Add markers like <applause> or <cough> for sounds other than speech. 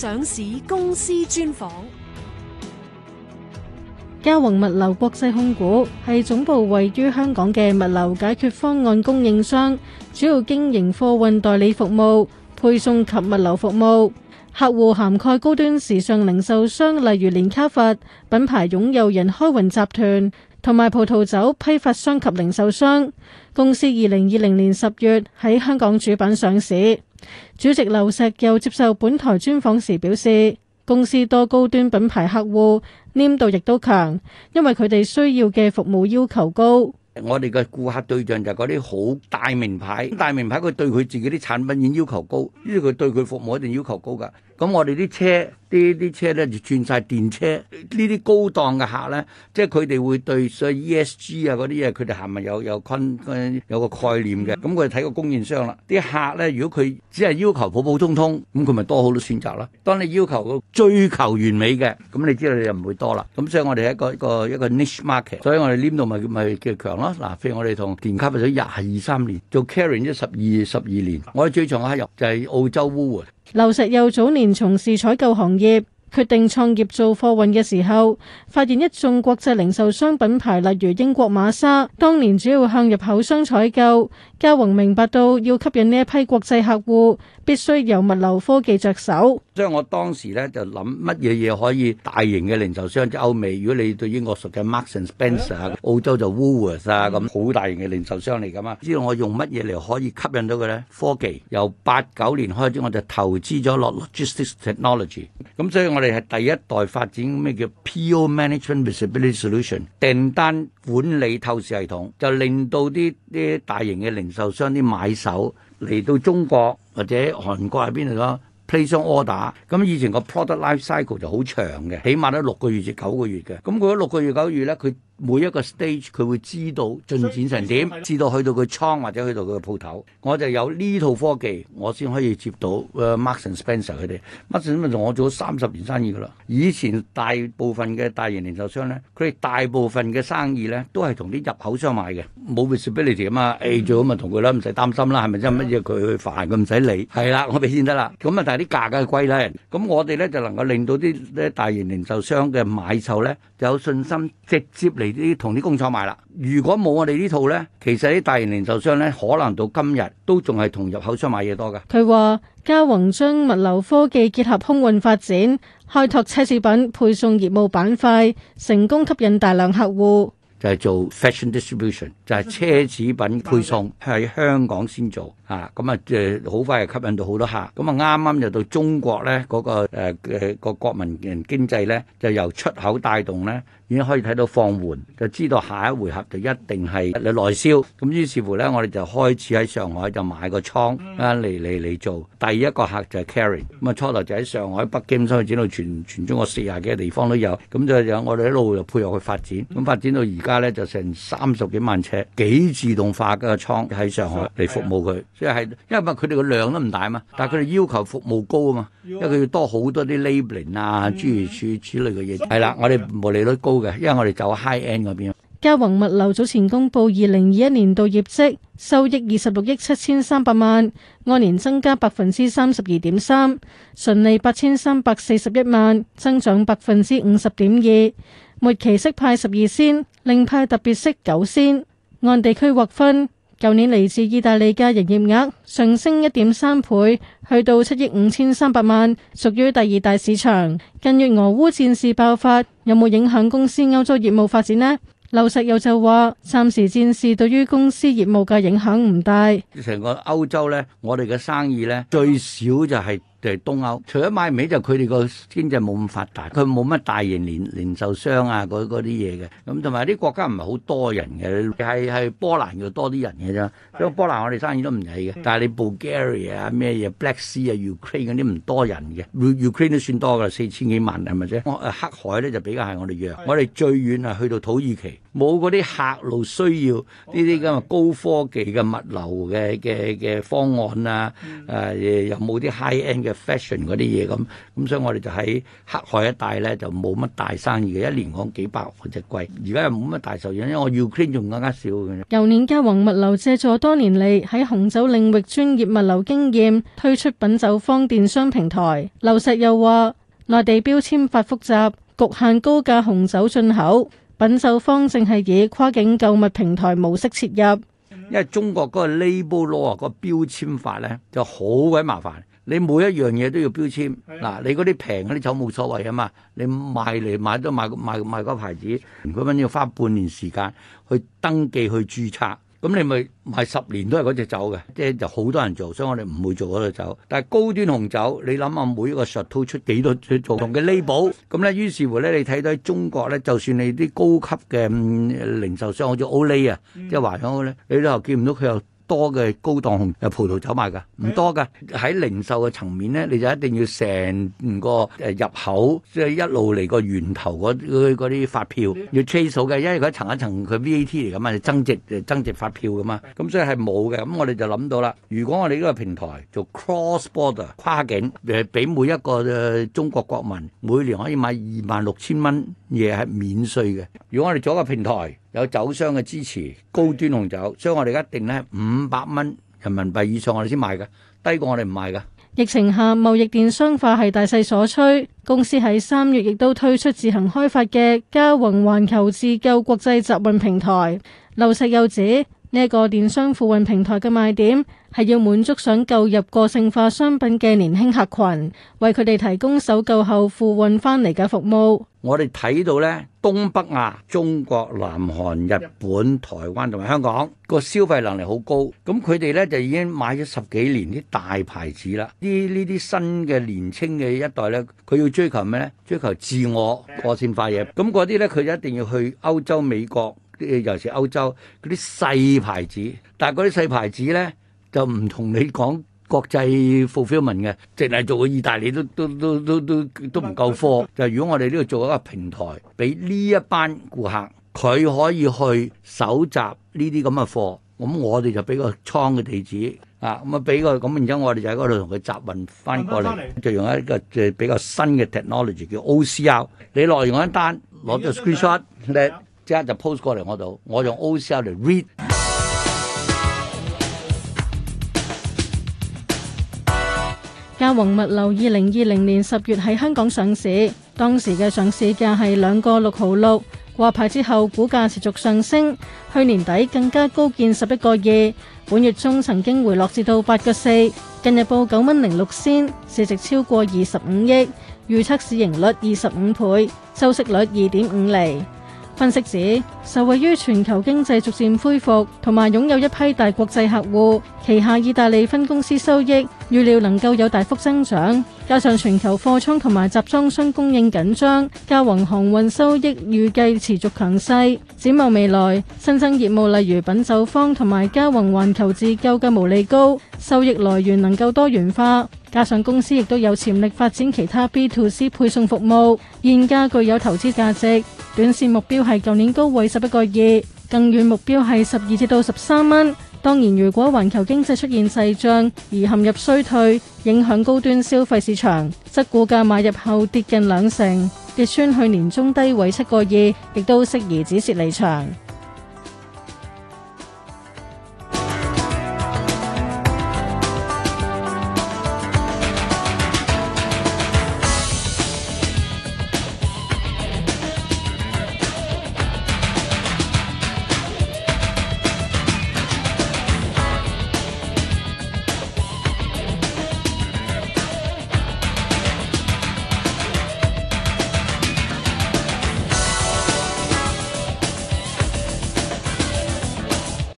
上市公司專訪。嘉泓物流國際控股係總部位於香港嘅物流解決方案供應商，主要經營貨運代理服務、配送及物流服務，客戶涵蓋高端時尚零售商，例如連卡佛品牌擁有人開雲集團。同埋葡萄酒批發商及零售商，公司二零二零年十月喺香港主板上市。主席劉石佑接受本台專訪時表示，公司多高端品牌客戶，黏度亦都強，因為佢哋需要嘅服務要求高。我哋嘅顧客對象就係嗰啲好大名牌，大名牌佢對佢自己啲產品已經要求高，因為佢對佢服務一定要求高噶。咁我哋啲車，啲啲車咧就轉晒電車，呢啲高檔嘅客咧，即係佢哋會對所以 ESG 啊嗰啲嘢，佢哋係咪有有困有個概念嘅？咁佢哋睇個供應商啦。啲客咧，如果佢只係要求普普通通，咁佢咪多好多選擇啦。當你要求個追求完美嘅，咁你知道你就唔會多啦。咁所以我哋一個一個一個 niche market，所以我哋黏度咪咪叫強。嗱，譬如我哋同電卡咪做廿二三年做 Carin 一十二十二年，我哋最長嘅客入就係澳洲烏。劉石佑早年從事採購行業，決定創業做貨運嘅時候，發現一眾國際零售商品牌例如英國馬莎當年主要向入口商採購。嘉泓明白到要吸引呢一批國際客戶，必須由物流科技着手。所以我當時咧就諗乜嘢嘢可以大型嘅零售商，即歐美。如果你對英國熟嘅 Marks & Spencer、澳洲就 Woolworth 啊咁，好大型嘅零售商嚟㗎嘛。知道我用乜嘢嚟可以吸引到佢咧？科技由八九年開始，我就投資咗落 logistics technology。咁所以我哋係第一代發展咩叫 PO management visibility solution，訂單管理透視系統，就令到啲啲大型嘅零售商啲買手嚟到中國或者韓國喺邊度咯？Place on order，咁以前個 product life cycle 就好長嘅，起碼都六個月至九個月嘅。咁過咗六個月九個月咧，佢。每一個 stage 佢會知道進展成點，知道以去到佢倉或者去到佢嘅鋪頭，我就有呢套科技，我先可以接到誒、uh, Marks and Spencer 佢哋。Marks and Spencer，我做咗三十年生意噶啦。以前大部分嘅大型零售商咧，佢哋大部分嘅生意咧都係同啲入口商買嘅，冇 visibility 啊嘛。誒、哎，最好就咁咪同佢啦，唔使擔心啦，係咪先？乜嘢佢去煩佢，唔使理。係啦，我哋先得啦。咁啊，但係啲價格係貴啦。咁我哋咧就能夠令到啲咧大型零售商嘅買售咧有信心直接嚟。啲同啲工廠買啦。如果冇我哋呢套呢，其實啲大型零售商呢，可能到今日都仲係同入口商買嘢多嘅。佢話：嘉泓將物流科技結合空運發展，開拓奢侈品配送業務板塊，成功吸引大量客戶。就係做 fashion distribution，就係奢侈品配送喺香港先做啊。咁啊，好快就吸引到好多客。咁啊，啱啱就到中國呢，嗰、那個誒嘅個國民人經濟呢，就由出口帶動呢。已經可以睇到放緩，就知道下一回合就一定係內銷。咁於是乎咧，我哋就開始喺上海就買個倉啊嚟嚟嚟做。第一個客就係 Carry，咁啊初頭就喺上海、北京，所以展到全全中國四十幾個地方都有。咁就有我哋一路又配合去發展。咁發展到而家咧，就成三十幾萬尺，幾自動化嘅倉喺上海嚟服務佢。即係因為佢哋個量都唔大啊嘛，但係佢哋要求服務高啊嘛，因為佢要多好多啲 labeling 啊、諸如此類嘅嘢。係啦、嗯，我哋毛利率高。因為我哋走 high end 嗰邊，嘉泓物流早前公布二零二一年度業績，收益二十六億七千三百萬，按年增加百分之三十二點三，純利八千三百四十一萬，增長百分之五十點二，末期息派十二仙，另派特別息九仙，按地區劃分。舊年嚟自意大利嘅營業額上升一點三倍，去到七億五千三百萬，屬於第二大市場。近月俄烏戰事爆發，有冇影響公司歐洲業務發展呢？劉石佑就話，暫時戰事對於公司業務嘅影響唔大。成個歐洲呢，我哋嘅生意呢，最少就係、是。就係東歐，除咗買唔起就佢哋個經濟冇咁發達，佢冇乜大型連零售商啊嗰啲嘢嘅，咁同埋啲國家唔係好多人嘅，係係波蘭要多啲人嘅咋，所以的波蘭我哋生意都唔起嘅。嗯、但係你 Bulgaria 咩、啊、嘢、Black Sea 啊、Ukraine 嗰啲唔多人嘅、嗯、，Ukraine 都算多㗎，四千幾萬係咪啫？黑海咧就比較係我哋弱，的我哋最遠啊去到土耳其，冇嗰啲客路需要呢啲咁嘅高科技嘅物流嘅嘅嘅方案啊，誒、嗯啊、有冇啲 high end 嘅？fashion 嗰啲嘢咁，咁所以我哋就喺黑海一帶咧就冇乜大生意嘅，一年講幾百隻櫃。而家又冇乜大受影響，因為 Ukraine 仲更加少嘅。舊年嘉泓物流借助多年嚟喺紅酒領域專業物流經驗，推出品酒方電商平台。劉石佑話：內地標籤法複雜，局限高價紅酒進口，品酒方淨係以跨境購物平台模式切入。因為中國嗰個 label law 嗰個標籤法咧就好鬼麻煩。你每一樣嘢都要標籤嗱的，你嗰啲平嗰啲酒冇所謂啊嘛，你買嚟買都買買買嗰個牌子，嗰蚊要花半年時間去登記去註冊。咁你咪賣十年都係嗰隻酒嘅，即係就好多人做，所以我哋唔會做嗰隻酒。但係高端紅酒，你諗下每一個實推出幾多去做同嘅 label，咁咧於是乎咧，你睇到喺中國咧，就算你啲高級嘅零售商好似 Ole 啊、嗯，即係華生嗰咧，你都又見唔到佢有多嘅高檔紅葡萄酒賣㗎，唔多㗎。喺零售嘅層面咧，你就一定要成個誒入口，即係一路嚟個源頭嗰啲發票要 chase 數嘅，因為佢一層一層佢 VAT 嚟㗎嘛，增值增值發票㗎嘛，咁所以係冇嘅。咁我哋就諗到啦，如果我哋呢個平台做 cross border 跨境誒，俾每一個中國國民每年可以買二萬六千蚊嘢係免稅嘅。如果我哋做一個平台，有酒商嘅支持，的高端紅酒，所以我哋一定呢，五百蚊人民幣以上我哋先賣㗎，低過我哋唔賣㗎。疫情下，貿易電商化係大勢所趨，公司喺三月亦都推出自行開發嘅嘉泓環球自購國際集運平台。劉石佑指。呢個電商付運平台嘅賣點係要滿足想購入個性化商品嘅年輕客群，為佢哋提供搜購後付運翻嚟嘅服務。我哋睇到呢，東北亞、中國、南韓、日本、台灣同埋香港個消費能力好高，咁佢哋呢就已經買咗十幾年啲大牌子啦。啲呢啲新嘅年青嘅一代呢，佢要追求咩呢？追求自我個性化嘢。咁嗰啲呢，佢一定要去歐洲、美國。尤其是歐洲嗰啲細牌子，但係嗰啲細牌子咧，就唔同你講國際 fulfillment 嘅，淨係做個意大利都都都都都都唔夠貨。 <laughs> 就如果我哋呢度做一個平台，俾呢一班顧客佢可以去搜集呢啲咁嘅貨，咁我哋就俾個倉嘅地址啊，咁啊俾個咁，然之後我哋就喺嗰度同佢集運翻過嚟， <laughs> 就用一個即係比較新嘅 technology 叫 OCL，你落完一單攞咗 screenshot 家就 post 過嚟我度，我用 OCR 嚟 read。嘉泓物流二零二零年十月喺香港上市，當時嘅上市價係兩個六毫六。掛牌之後，股價持續上升，去年底更加高見十一個二。本月中曾經回落至到八個四，近日報九蚊零六仙，市值超過二十五億，預測市盈率二十五倍，收息率二點五厘。分析指，受惠於全球經濟逐漸恢復，同埋擁有一批大國際客戶，旗下意大利分公司收益預料能夠有大幅增長，加上全球貨倉同埋集裝箱供應緊張，嘉泓航運收益預計持續強勢，展望未來新增業務例如品酒坊同埋嘉泓環球自救嘅毛利高收益來源能夠多元化。加上公司亦都有潛力發展其他 B to C 配送服務，現價具有投資價值。短線目標係舊年高位十一個二，更遠目標係十二至到十三蚊。當然，如果環球經濟出現滯脹而陷入衰退，影響高端消費市場，則股價買入後跌近兩成，跌穿去年中低位七個二，亦都適宜止蝕離場。